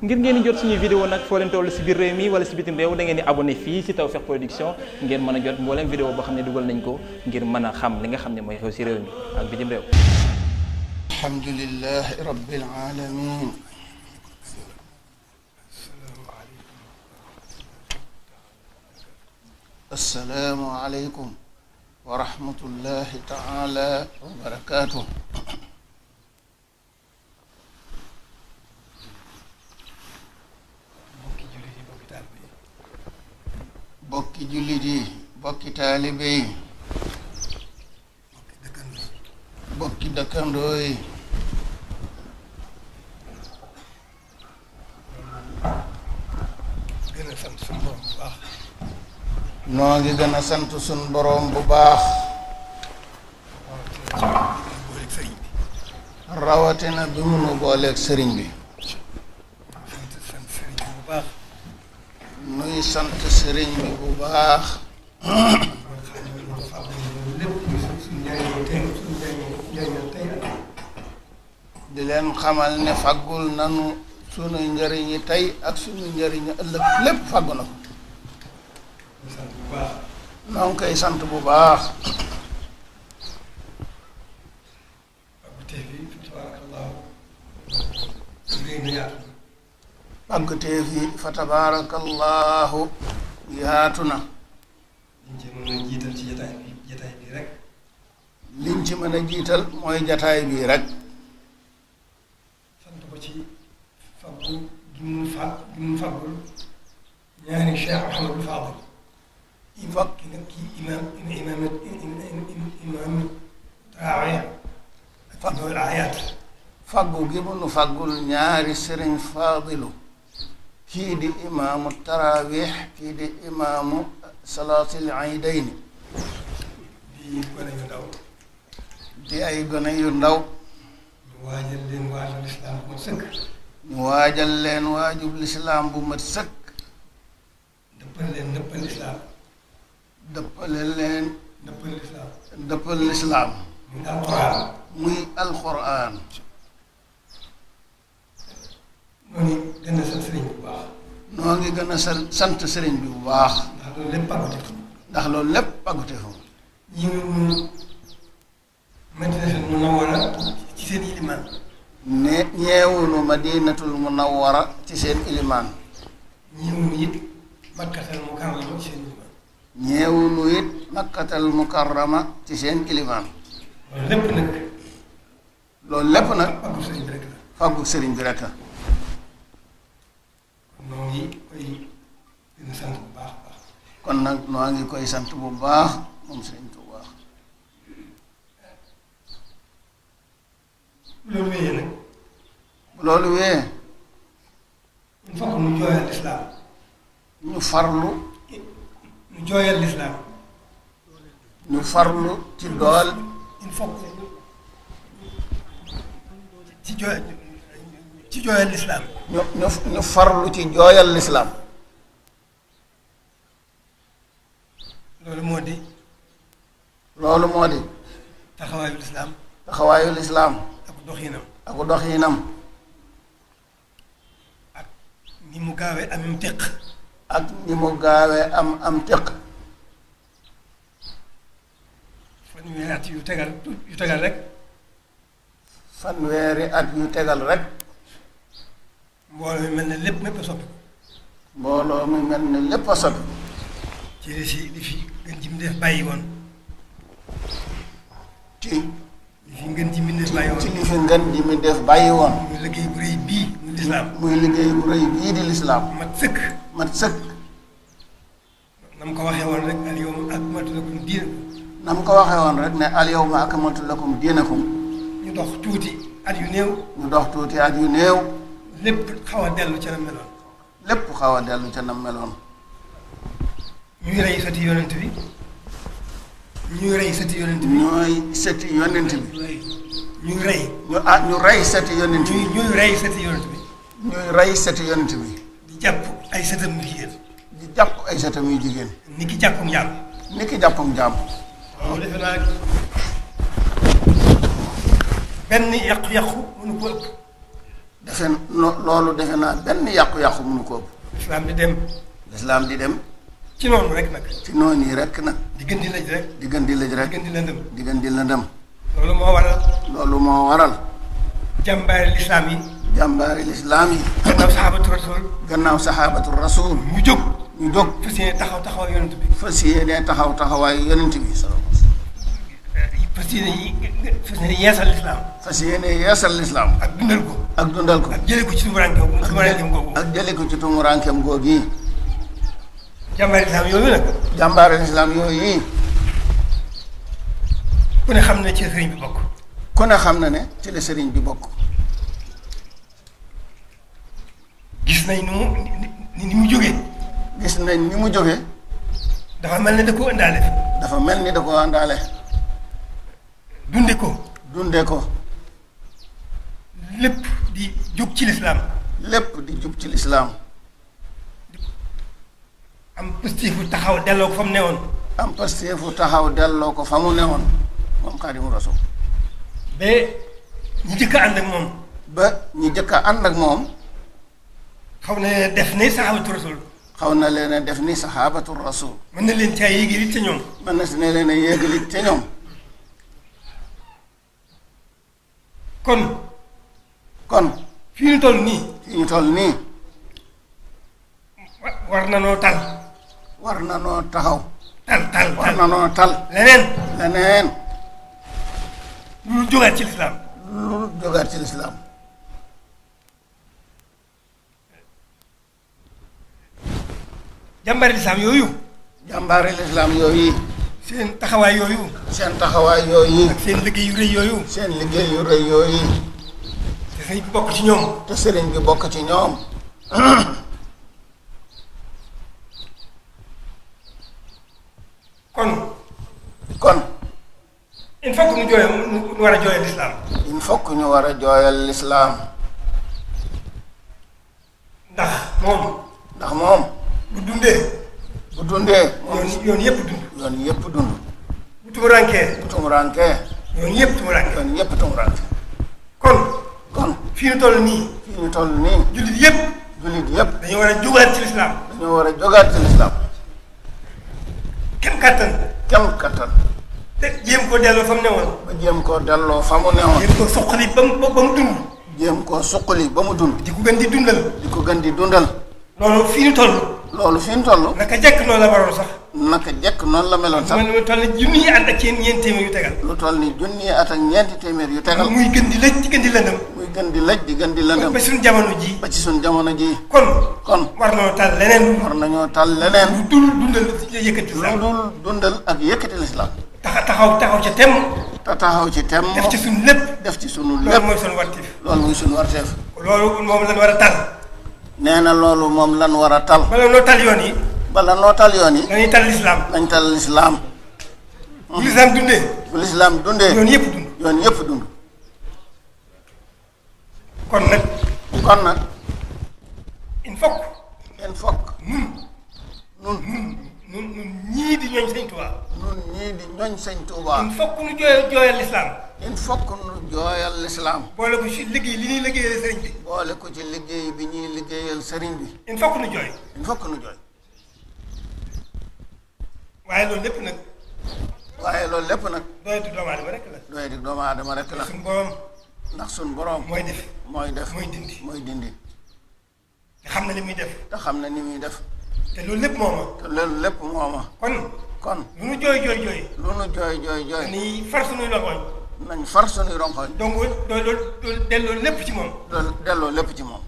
ngir ngeen di jot suñuy vidéo nag foo leen toll si biir réew mi wala si bitim réew da ngeen di abonné fii si Tawfekh Production ngeen mën a jot mbooleem vidéo boo xam ne dugal nañ ko ngir mën a xam li nga xam ne mooy xew si réew mi ak bitim réew alhamdulilah rabbil alamin assalaamu aleykum wa rahmatullahi taala bokki jullit yi bokki taalibe yi bokki dëkkandoo yi noo ngi gën a sant suñ borom bu baax rawatina bi mu nu booleeg sëriñ bi sëriñ bi bu baax di leen xamal ne faggul nanu sunu njëriñi tey ak sunu njëriñi ëllëg lépp faggu na ko noo koy sant bu baax pàgg teef fa tabaarakallaahu yaatu na. liñ ci a jiital ci jataay bi jataay rek. liñ ci a jiital mooy jataay bi rek. sant ko ci fag gi mu ñaari Cheikh Ahmadou fag gi mu nu ñaari Serigne Fadilu. kii di imaamu taraawix kii di imaamu salaatil aydayni di gone yu ndaw di ay gone yu ndaw ñu waajal leen waajub lislaam bu mat sëkk ñu waajal leen waajub lislaam bu mat sëkk dëppal leen dëppal lislaam dëppale lislaam muy alxuraan muy noo ngi gën a sant sëriñ bu baax. noo ngi gën a sant sëriñ bi bu baax. ndax loolu lépp pàgguteefu. ndax loolu lépp pàgguteefu. ñi ngi mu madinatul munawwara ci seen ilimaan. ne ñeewunu madinatul ci seen ilimaan. ñeewunu it makkatal mukarrama ci seen ilimaan. ñeewunu it makkatal mukarrama ci seen ilimaan. loolu lépp nag. loolu lépp nag. fàggu sëriñ bi rek la. fàggu sëriñ bi rek noo ngi koy sant bu baax kon nag noo ngi koy sant bu baax moom sëriñ Tuubaa bu loolu wéyee nag bu loolu wéyee ñu farlu nu jooyal lislaam ñu farlu ci dool ci jooy ci jooyal lislaam ñu ñu ñu farlu ci jooyal lislaam loolu moo di loolu moo di taxawaayu lislaam taxawaayu lislaam ak doxiinam ak ak ni mu gaawee amim téq ak ni mu gaawee am am téq fanweeri at yu tegal yu tegal rek fanweeri at yu tegal rek mbooloo mi mel ne lépp mépp a soppi mbooloo mi mel ne lépp a ci li si li fi gën ci mbindeef bàyyi woon ci ngeen ci mbindeef bàyyi woon ci li fi ngeen ji mbindeef bàyyi woon muy liggéey bu rëy bii di lislaam mat sëkk mat sëkk na mu ko waxee woon rek al yawma akmaltu lakum diinakum na ko waxee woon rek ne al yawma akmaltu lakum diinakum ñu dox tuuti at yu néew ñu dox tuuti at yu néew lépp xaw a dellu ca na meloon. lépp xaw a dellu ca na meloon. ñuy rey sëti yonent bi. ñuy rey sëti yonent bi. ñooy sëti yonent bi. ñuy rey. ñu ah ñu rey sëti yonent bi. ñuy rey sëti yonent bi. ñuy rey sëti yonent bi. di jàpp ay sëtam yu jigéen. di jàpp ay sëtam yu jigéen. ni ki jàppum jaam. ni ki jàppum jaam. benn yàqu-yàqu mënu ko defe loolu defe naa benn yàqu-yàqu mënu ko ëpp. lislaam di dem. lislaam di dem. ci noonu rek nag. ci noonu yi rek nag. di gën lëj rek. diggante gën lëj rek. di gën di lëndëm. di gën di lëndëm. loolu moo waral. loolu moo waral. jàmbaari lislaam yi. jàmbaari lislaam yi. gannaaw saxaabatu rasul. gannaaw saxaabatu rasul. ñu jóg ñu jóg. fas yéene taxaw taxawaayu yonent bi. yi ne taxaw taxawaay yonent bi. fas yéene yi fas yéene yeesal lislaam. fas yéene yeesal lislaam. ak dundal ko. ak dundal ko. ak jëlee ko ci tumuraankeem googu. ak jëlee ko ci tumuraankeem googu yi. jàmbaari lislaam yooyu nag. jàmbaari yi. ku xam ne ci la sëriñ bi bokk. ku xam na ne ci bi bokk. gis nañ ni mu ni mu jógee. gis nañ ni mu jógee. dafa mel ni da àndaale. dafa mel ni da koo àndaale. dunde ko dunde ko lépp di jóg ci lislaam lépp di jóg ci lislaam am pasteefu taxaw delloo ko fa mu newoon am pasteefu taxaw delloo ko fa mu newoon moom ñu jëkk ànd ak moom ba ñu jëkk a ànd ak moom xaw na leen def ni saxaabatu rasul xaw na leen def ni saxaabatu rasul mën na leen caa yéegali te ñoom mën na si ne leen a yéegali te ñoom kon. kon. fi ñu toll nii. fii ñu tol nii. war na noo tal. war na noo taxaw. tal tal war na noo tal. leneen. lu jógaat ci lislaam. lu jógaat ci lislaam. jàmbaari lislaam yooyu. jàmbaari lislaam yooyu. seen taxawaay yooyu. seen taxawaay yooyu. ak seen liggéey yu rëy yooyu. seen liggéey yu rëy yooyu. te sëriñ bokk ci ñoom. te sëriñ bi bokk ci ñoom. kon. kon. il faut que ñu jooyal ñu war a jooyal lislaam. il faut ñu war a jooyal lislaam. ndax moom. ndax moom. bu dundee. bu dundee. yoon yoon yëpp dund. bu tumurankee. bu tumurankee. yoon yëpp tumurankee. yoon yëpp tumurankee. kon. kon fii ni toll nii. fii ñu toll nii. jullit yëpp. jullit yëpp. dañoo war a jógaat ci lislaam. dañoo war a jógaat lislaam. kem kattan. kem kattan. jéem koo delloo fa mu newoon. ba jéem koo delloo fa mu newoon. jéem koo suqali ba mu ba dund. jéem koo suqali ba mu dund. di ko gën di dundal. di ko gën di dundal. loolu fii ñu toll. loolu fii ñu toll. naka jekk loolu la sax. naka jekk noonu la meloon sax. lu toll ni junniy at ak ñeenti téeméer yu tegal. lu toll ni junniy at ñeenti téeméer yu tegal. muy gën di lëj di gën di lëndëm. muy gën di lëj di gën di lëndëm. ba ci jamono jii. ba ci suñu jamono jii. kon. kon war noo tal leneen. war nañoo tal leneen. lu dul dundal yëkkati lislaam. lu dul dundal ak yëkkati lislaam. taxa taxaw taxaw ci tem. te taxaw ci tem. def ci suñu lépp. def ci suñu lépp loolu mooy suñu warteef. loolu mooy suñu warteef. loolu moom lan war a tal. nee na loolu moom lan war a tal. bala tal yoon yi bala lan loo tal yoon yi. dañuy tal lislaam. dañ tal lislaam. bu lislaam dundee. bu lislaam dundee. yoon yëpp dund. yoon yëpp dund. kon nag. kon nag. il faut que. il faut que. nun nu jooyal jooyal lislaam. il faut que nu jooyal lislaam. boole ko ci liggéey li ñuy liggéeyal sëriñ bi. ñuy liggéeyal sëriñ bi. il faut nu jooy. waaye loolu lépp nag. waaye loolu lépp nag. doyati doomu aadama rek la. doyati doomu aadama rek la. suñu borom. ndax suñu borom. mooy def mooy def mooy dindi. mooy dindi. te xam na ni muy def. te xam na ni muy def. te loolu lépp moo ma. te loolu lépp moo ma. kon. kon lu nu jooy jooy jooy. lu nu jooy jooy jooy. ni far suñuy rongoñ. nañ far suñuy rongoñ. donc loolu loolu delloo lépp ci moom. loolu delloo lépp ci moom.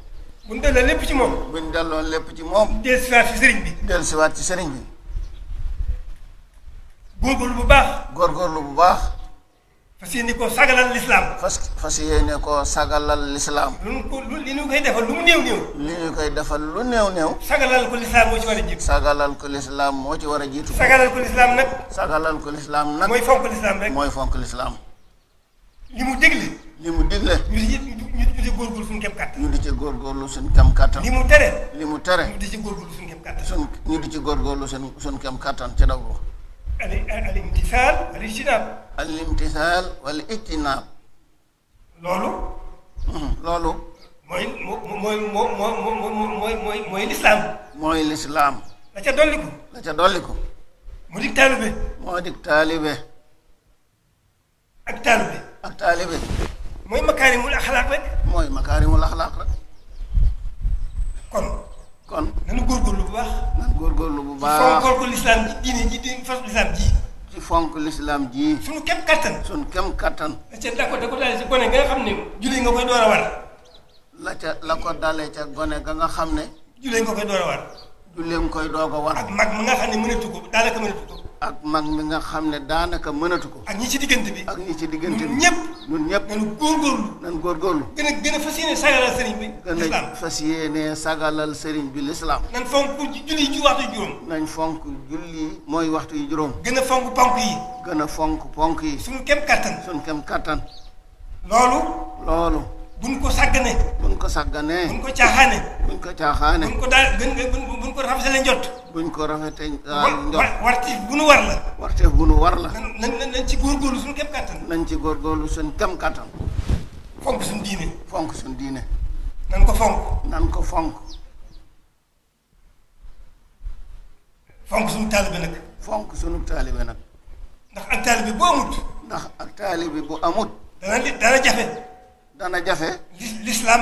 bu ñu delloo lépp ci moom. bu ñu delloo lépp ci moom. dellusiwaat ci sëriñ bi. dellusiwaat ci sëriñ bi. góorgóorlu bu baax. góor lu bu baax. fas yéene koo sagalal lislaam. fas fas yéene koo sagalal lislaam. lu ñu ko li ñu lu mu néew néew. li ñu koy defal lu néew néew. sagalal ko lislaam moo ci war a jiitu. sagalal ko lislaam ci war a jiitu. sagalal ko lislaam nag. sagalal ko lislaam mooy fonk lislaam rek. li mu digle. li mu digle. ñu di ñu di ci góorgóorlu kem kàttan. ñu di ci góorgóorlu suñu kem kàttan. li mu tere. li mu tere. ñu di ci góorgóorlu suñu kem kàttan. suñ ñu di ci góorgóorlu suñu suñu kem kàttan ca daw alimtisaal wal ijtinaab. alimtisaal wal ijtinaab. loolu. loolu. mooy mooy mooy mooy mooy lislaam. mooy lislaam. la ca dolliku. la ca dolliku. mu dig taalibe. moo dig taalibe. ak taalibe. mooy makaarimul axlaaq rek. mooy makaarimul axlaaq rek. kon. kon nanu góorgóorlu bu baax. nanu góorgóorlu bu baax ci fonk lislaam ji diine ji di fas lislaam ji. ci fonk lislaam ji. sunu kem kattan. sunu kem kattan. la ca la ko dalee ca gone nga xam ne. julli nga koy door a war. la ca la ko dalee ca gone ga nga xam ne. julli nga koy door a war. du leen koy doog a war. ak mag mi nga xam ne mënatu ko daanaka mënatu ko. ak mag mi nga xam ne daanaka mënatu ko. ak ñi ci diggante bi. ak ñi ci diggante bi ñëpp. ñun ñëpp nañu góorgóorlu. nañu góorgóorlu. gën a gën a fas yéene sagalal sëriñ bi. lislaam gën a fas bi lislaam. nañ fonk julli fonk mooy waxtu yi juróom. gën a fonk ponk yi. gën a fonk ponk yi. suñu kem kattan. suñu kem kattan. loolu. loolu. buñ ko sàggane buñ ko sàggane buñ ko caaxaane buñ ko caaxaane buñ ko daal buñ ko rafetale njot buñ ko rafete njot warteef bu nu war la warteef bu nu war la nañ nañ ci góorgóorlu suñu kem kàttan nañ ci góorgóorlu suñu kem kàttan fonk suñu diine fonk suñu diine nan ko fonk nan ko fonk fonk suñu taalibe nag fonk suñu taalibe nag ndax ak taalibe bu amut ndax ak taalibe bu amut dana li dana jafe dana jafe. lislaam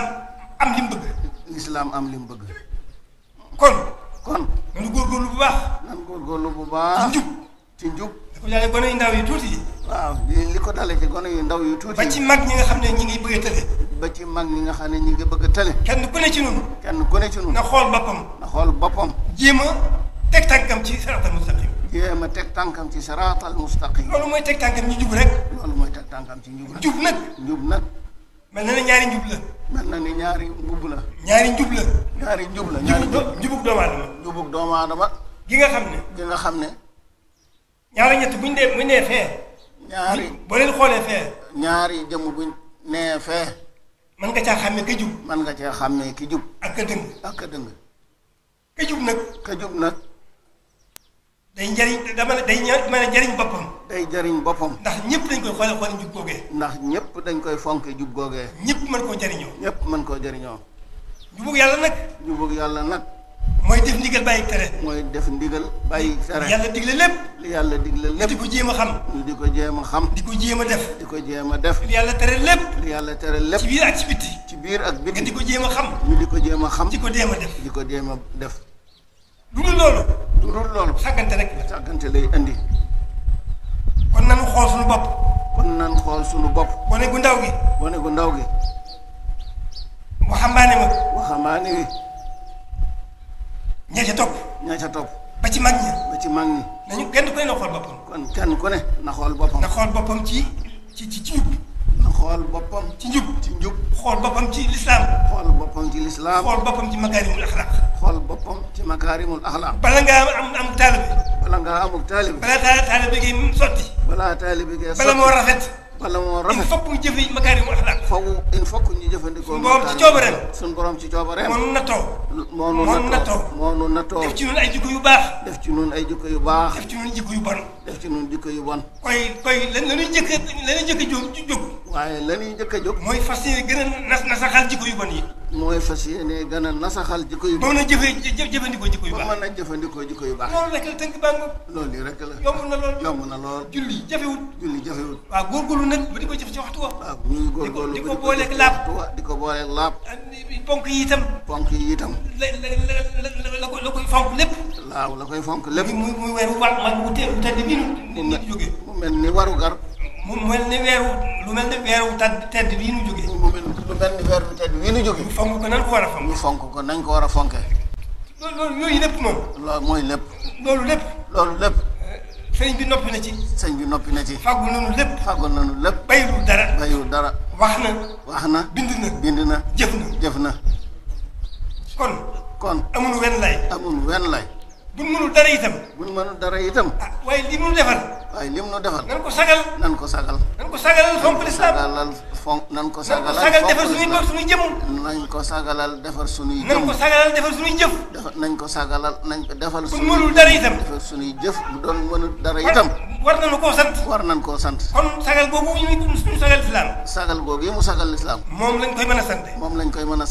am li mu bëgg. lislaam am li mu bëgg. kon. kon nañu góorgóorlu bu baax. nañu góorgóorlu bu baax. ci ci njub. li ko dalee gone yu ndaw yu tuuti li ko dalee gone yu ndaw yu tuuti ba ci mag ñi nga xam ne ñi ngi bëgg a ba ci mag ñi nga xam ne ñi ngi bëgg a kenn ku ci noonu. kenn ku ne ci na xool boppam. na xool boppam. jéem a teg tànkam ci siraatal mustaqim. jéem a ci siraatal mustaqim. loolu mooy teg tànkam ci njub rek. loolu mooy teg tànkam ci njub nag. njub nag. mel na ñaari njubla la. mel na ni ñaari njub ñaari njubla la. ñaari njub la ñaari njub njubug doomu aadama. gi nga xam ne. gi nga xam ne. ñaari ñett buñ dee buñ dee fee. ñaari boo leen xoolee fee. ñaari jëmm buñ nee fee. man nga caa xam ne jub. man nga caa xàmmee ki jub. ak ka dëng. nag. ka jub nag. day jariñ dama day mën a jariñ boppam. tey jariñ boppam ndax ñëpp dañ koy xoole xoole jub googee ndax ñëpp dañ koy fonke jub googee ñëpp mën koo jariñoo ñëpp mën koo jariñoo jubug yàlla nag jubug yàlla nag mooy def ndigal bàyyi tere mooy def ndigal bàyyi tere yàlla digle lépp li yàlla digle lépp ko jéem a xam di ko jéem a xam ko jéem a def di ko jéem a def yàlla tere lépp li yàlla tere lépp ci biir ak ci biti ci biir ak biti di ko jéem a xam ñu di ko jéem a xam di ko jéem def di ko jéem a def lu dul loolu lu loolu sàggante rek la sàggante lay indi kon nanu xool suñu bopp. kon nanu xool suñu bopp. wone gu ndaw gi. gone gu ndaw gi. waxambaane ma. waxambaane wi. ña ca topp. ña ca topp. ba ci mag ñi. ba ci mag ñi. nañu kenn ku na xool boppam. kon kenn ku ne na xool boppam. na xool boppam ci ci ci ci njub. na xool boppam. ci njub ci njub. xool boppam ci lislaam. xool boppam ci lislaam. xool boppam ci makaarimul axlaaq. xool boppam ci makaarimul axlaaq. bala ngaa am am taalibe. bala ngaa amul taalibe. balaa taa taalibe gi mu sotti. balaa taalibe gi sotti bala moo rafet. bala moo rafet il faut que ñu jëfee makaarimu axlaaq. foofu il faut que ñu jëfandikoo. suñu borom ci coobareem suñu borom ci moo nu nattoo. moo nu nattoo moo nu nattoo. def ci ñun ay jikko yu baax. def ci nun ay jikko yu baax. def ci ñun jikko yu bon. def ci ñun jikko yu bon. koy koy lan la ñuy njëkk a lan la ñuy njëkk waaye la ñuy njëkk a jóg. mooy fas yéene gën a nas nasaxal jikko yu bon yi. mooy fas yéene gën a nasaxal jikko yu. ba mën a jëfee jëfandikoo jikko yu baax ba mën a jëfandikoo jikko yu baax. loolu rek la tënk baa ngoog. loolu yi rek la yomb na lool yomb na lool. julli jafewul julli jafewul. waaw góorgóorlu nag ba di ko jëf ci waxtu wa. waaw ñuy góorgóorlu di ko booleeg laab di ko booleeg laab. ponk yi itam. ponk yi itam. la la la la koy fonk lépp. waaw la koy fonk lépp. muy muy weeru war mag bu teel tedd bi mu mel ni warugar mun mel ni weeru lu mel ni weeru tedd bii nu jógee. mu mel lu mel ni weeru tedd bii nu jógee. fonk ko nan ko war a fonk. ñu lépp moom. loolu mooy lépp. loolu lépp. loolu lépp. Eh, bi noppi na ci. sëñ bi noppi na ci. fàggul nañu lépp. fàggul nañu lépp. bayul dara. bayul dara. wax na. wax na bind na. bind na jëf na na. kon. kon amul wenn lay. amul wen lay. buñ mënul dara itam. buñ mënul dara itam. Ah, waaye lii mu defal. waaye lim nu defal. nan ko sagal. nan ko sagal. fonk lislaam. nan ko sagal defar suñuy nañ ko sagalal defar nañ ko sagalal defar suñuy jëf. defar ko sagalal nañ ko defal. suñuy ku mënul jëf bu doon mënul dara itam. nañ koo sant. sagal googu ñu sagal lislaam. sagal yi mu sagal lislaam. moom lañ koy mën a sant. moom lañ koy noonu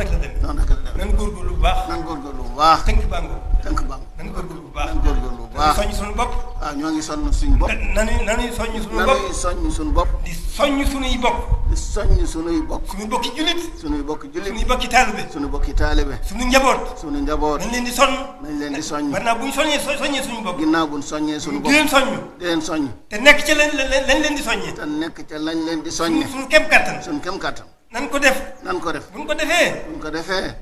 rek la noonu rek la nan góorgóorlu bu nan góorgóorlu bu baax. nañu góorgóorlu bu baax góorgóorlu bu baax soññ suñu bopp. waaw ah, ñoo ngi soññ suñu bopp. nañuy nañuy soññ suñu bopp nañuy soññ suñu bopp. di soññ suñuy bopp. di soññ suñuy bopp. suñu bokki jullit. suñuy bokki jullit suñuy bokki taalibe. suñu bokki taalibe. suñu njaboot. suñu njaboot nañ leen di soññ. nañ leen di soññ gannaaw bu ñu soññee soññee suñu bopp. ginnaaw bu ñu soññee suñu bopp di leen soññ. di leen soññ. te nekk ca lañ lañ leen di soññee. te nekk ca lañ leen di soññee. suñu kem kattan. suñu kem kattan. nan ko def. nan ko def. buñ ko defee. buñ ko defee.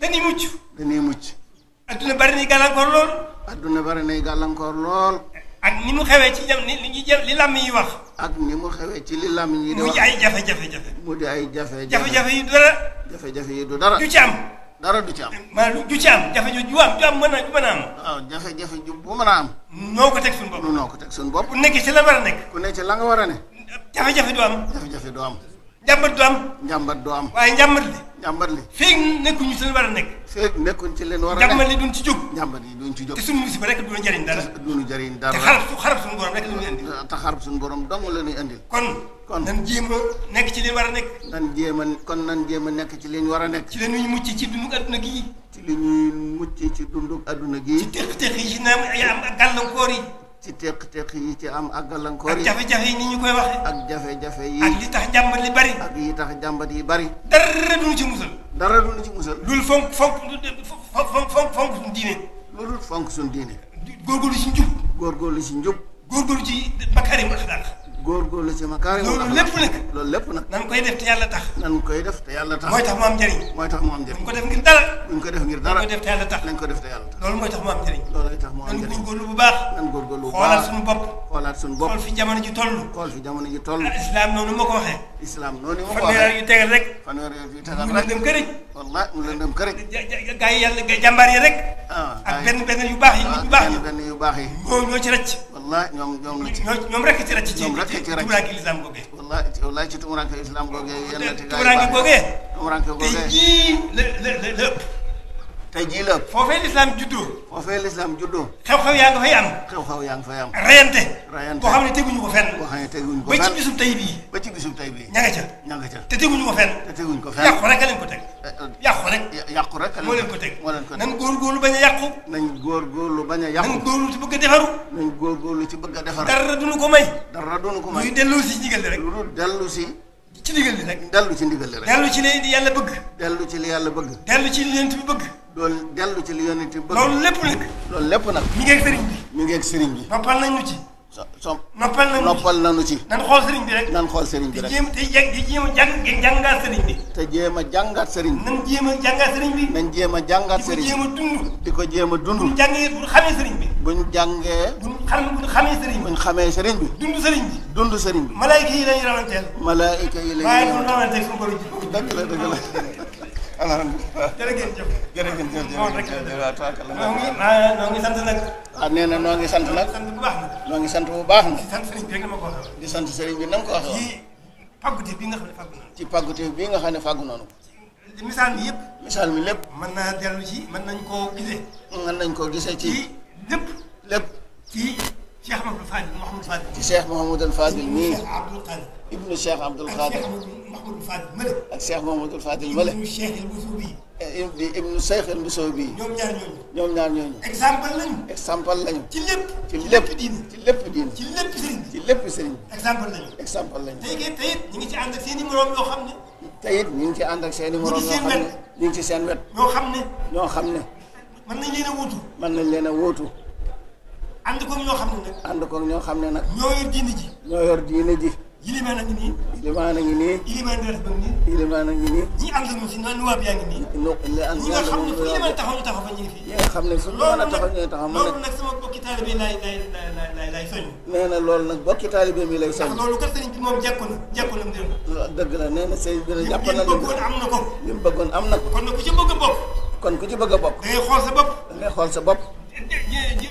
dañuy mucc. dañuy mucc. adduna bari nay gàllankoor lool. adduna bari nay gàllankoor lool. ak ni mu xewee ci jam li li li làmm yi wax. ak ni mu xewee ci li làmm yi di wax mu di ay jafe-jafe jafe. mu di ay jafe-jafe jafe-jafe yi du dara. jafe-jafe yi du dara. du ci am. dara du ci am. maanaam du ci am jafe-jafe ju am ju am mën a ju mën a am. waaw jafe-jafe ju bu mën a am. noo ko teg suñu bopp. noo ko teg suñu bopp. ku nekk ci la war a nekk. ku nekk ci la nga war a ne. jafe-jafe du am. jafe-jafe du am. njàmbat du am. njàmbat du am. waaye jàmbat li. njàmbat li feeg nekkuñu ci leen war a nekk. feeg nekkuñ ci leen war a nekk li duñ ci jóg. njàmbat yi duñ ci jóg te suñu musiba rek duñu jariñ dara. duñu jëriñ dara te xarab su xarab suñu borom rek la ñuy indi. kon kon nan jéem a nekk ci leen war a nekk. nan jéem a kon nan jéem a nekk ci leen war a nekk. ci la ñuy mucc ci dundu adduna gii. ci la ñuy mucc ci dundu adduna gii. ci teq-teq yi ci naam ay am gàllankoor yi ci teq-teq yi ci am ak gàllankoor yi. ak jafe-jafe yi ni ñu koy waxe ak jafe-jafe yi. ak li tax jàmbat li bari. ak yi tax jàmbat yi bari. dara duñu ci musal. dara duñu ci musal. loolu fonk fonk fonk fonk fonk suñu diine. loolu fonk suñu diine. góorgóorlu ci njub. góorgóorlu ci njub. góorgóorlu ci makaarim axlaaq góorgóorlu ci ma carrément. loolu lépp nag loolu lépp nag. nan koy def te yàlla tax. nan koy def te yàlla tax. mooy tax mu am njëriñ. mooy tax mu am njëriñ. ko def ngir dara. buñ ko def ngir dara. ko def te yàlla tax. nañ ko def te yàlla tax. loolu mooy tax mu am njëriñ. loolu tax mu am njëriñ. nan góorgóorlu bu baax. nan góorgóorlu bu baax xoolaat suñu bopp. xoolaat suñu bopp xool fi jamono ji toll. xool fi jamono ji toll. islam noonu ma ko waxee. islam noonu ma ko waxee fanweer yu tegal rek. fanweer yu tegal rek mu dem këriñ. wallaay mu leen dem këriñ. gaa yi yàlla jàmbaar yi rek. Ah, ak benn benn yu baax yi. benn benn yu baax yi. ñoo ci rëcc wallaahi ñoom ñoom la ci. ñoom rek ci rek ci ñoom rek ci rek tumuranke lislaam googee. wallaahi wallaahi tey jii la. foofee lislaam juddoo. foofee lislaam juddoo. xew-xew yaa nga fay am. xew-xew yaa nga fay am. reyante. reyante boo xam ne teguñu ko fenn. boo xam ne teguñu ko fenn ba ci bisum tey bii. ba ci bisum tey bii. ña nga ca. ña nga ca te teguñu ko fenn. te teguñu ko fenn yàqu rek a leen ko teg. Eh, eh, yàqu rek. yàqu rek moo leen ko teg moo leen ko teg nañ góorgóorlu bañ a yàqu. nañ góorgóorlu bañ a yàqu. nañ góorgóorlu ci bëgg a defaru. nañ góorgóorlu ci bëgg a defaru. dara duñu ko may. dara duñu ko may luy dellu si ndigal rek. lu dellu si ci ndigal li rek. dellu ci ndigal li rek. dellu ci li yàlla bëgg. dellu ci li yàlla bëgg. dellu ci li yent bi bëgg. loolu dellu ci li yonent bi bëgg. loolu lépp nag. loolu lépp nag. mi ngi ak sëriñ bi. mi ngi ak sëriñ bi. noppal nañu ci. so so noppal nañu ci noppal nañu ci. nan xool sëriñ bi rek. nan xool sëriñ bi rek. te jéem te jéem a jàng jàngaat sëriñ bi. te jéem a jàngaat sëriñ bi. nan jéem a jàngaat sëriñ bi. nañ jéem a jàngaat sëriñ bi di ko jéem a dund. di ko jéem a dund. buñ jàngee buñ xamee sëriñ bi. buñ jàngee. buñ xam buñ xamee sëriñ bi. buñ xamee sëriñ bi. dund sëriñ bi. dund sëriñ bi. malaayika yi lañuy rawanteel. malaayika yi lañuy rawanteel. waaye alhamdulilah jërë ngeen jëf. jërë ngeen jëf noo ngi sant nag. ah nee na noo ngi sant nag. sant bu baax nag. noo ngi sant bu baax nag. di sant sëriñ bi rek na ma di sant sëriñ bi na ma ko waxee. ci bi nga xam ne fàggu ci pàggute bi nga xam ne fàggu noonu. misaal mi yëpp. misaal mi lépp. mën naa dellu ci mën nañ koo gisee. mën nañ gisee ci. lépp. lépp. ci Cheikh Mouhamadou Fadil. Mouhamadou Fadil. ci Cheikh Mouhamadou Fadil nii. ibnu Cheikh Abdoul Khadir ak Cheikh Mamadou Fadil Male ibnu Cheikh El Boussoubi eh, ñoom ñaar ñooñu ñoom ñaar ñooñu exemple lañu exemple lañu ci lépp ci lépp diine ci lépp diine ci lépp sëriñ ci lépp sëriñ exemple lañu exemple lañu léegi tey it ñu ngi ci ànd ak seen i moroom yoo xam ne tey it ñu ngi ci ànd ak seen i moroom yoo xam ne ñu ngi ci seen wet ñoo xam ne ñoo xam ne mën nañ leen a wóotu mën nañ leen a wóotu ànd koog ñoo xam ne nag ànd koog ñoo xam ne nag ñoo yor diine ji ñoo yor diine ji ilimaan na ngi nii. ilimaan a ngi nii. ilimaan nga def ba mu nii. ilimaan a ngi nii. ñi ànd ak si noonu nuwaab yaa ngi nii. no nga xam ne fu ñu mën a taxaw ñu taxaw fa ñu ngi fi. ñi nga xam ne fu a a. loolu nag sama bokki taalibe lay lay lay lay na loolu nag bokki taalibe mi lay soññ. ndax loolu kat sëriñ bi moom jàpp na jàpp na mbir mi. dëgg la nee na sëriñ bi jàpp na li mu bëggoon am na ko. ko. kon nag ku ci bëgg a bopp. kon ku ci bëgg a bopp. xool sa bopp. da xool sa bopp. jë jë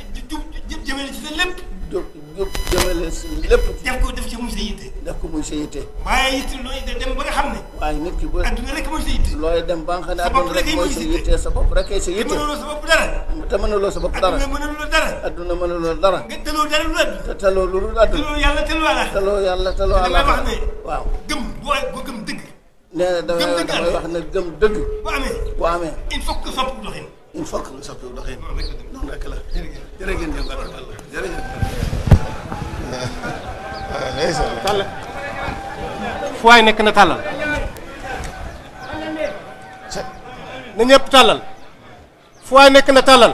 jë jëmale ci sa lépp. jub jëmale si lépp. def ko def ci muy sa yitte. def ko muy sa yitte. waaye yitte looy dem ba nga xam ne. waaye nit ki boo. adduna rek mooy sa yitte. looy dem ba nga xam ne adduna rek mooy sa yitte sa bopp rek sa yitte. te mënuloo sa bopp dara. te mënuloo sa bopp dara. adduna mënuloo dara. adduna mënuloo dara. nga taloo dara lu adduna. te taloo lu dul adduna. taloo yàlla taloo ala. taloo yàlla taloo ala. damay wax ne. waaw gëm boo gëm dëgg. nee na damay damay wax ne gëm dëgg. bu amee. bu amee. il faut que sopp doxin. il faut que sopp doxin. noonu rek la. jërëjëf jërëjëf fu waay nekk na tàllal na ñëpp tàllal fu waay nekk na tàllal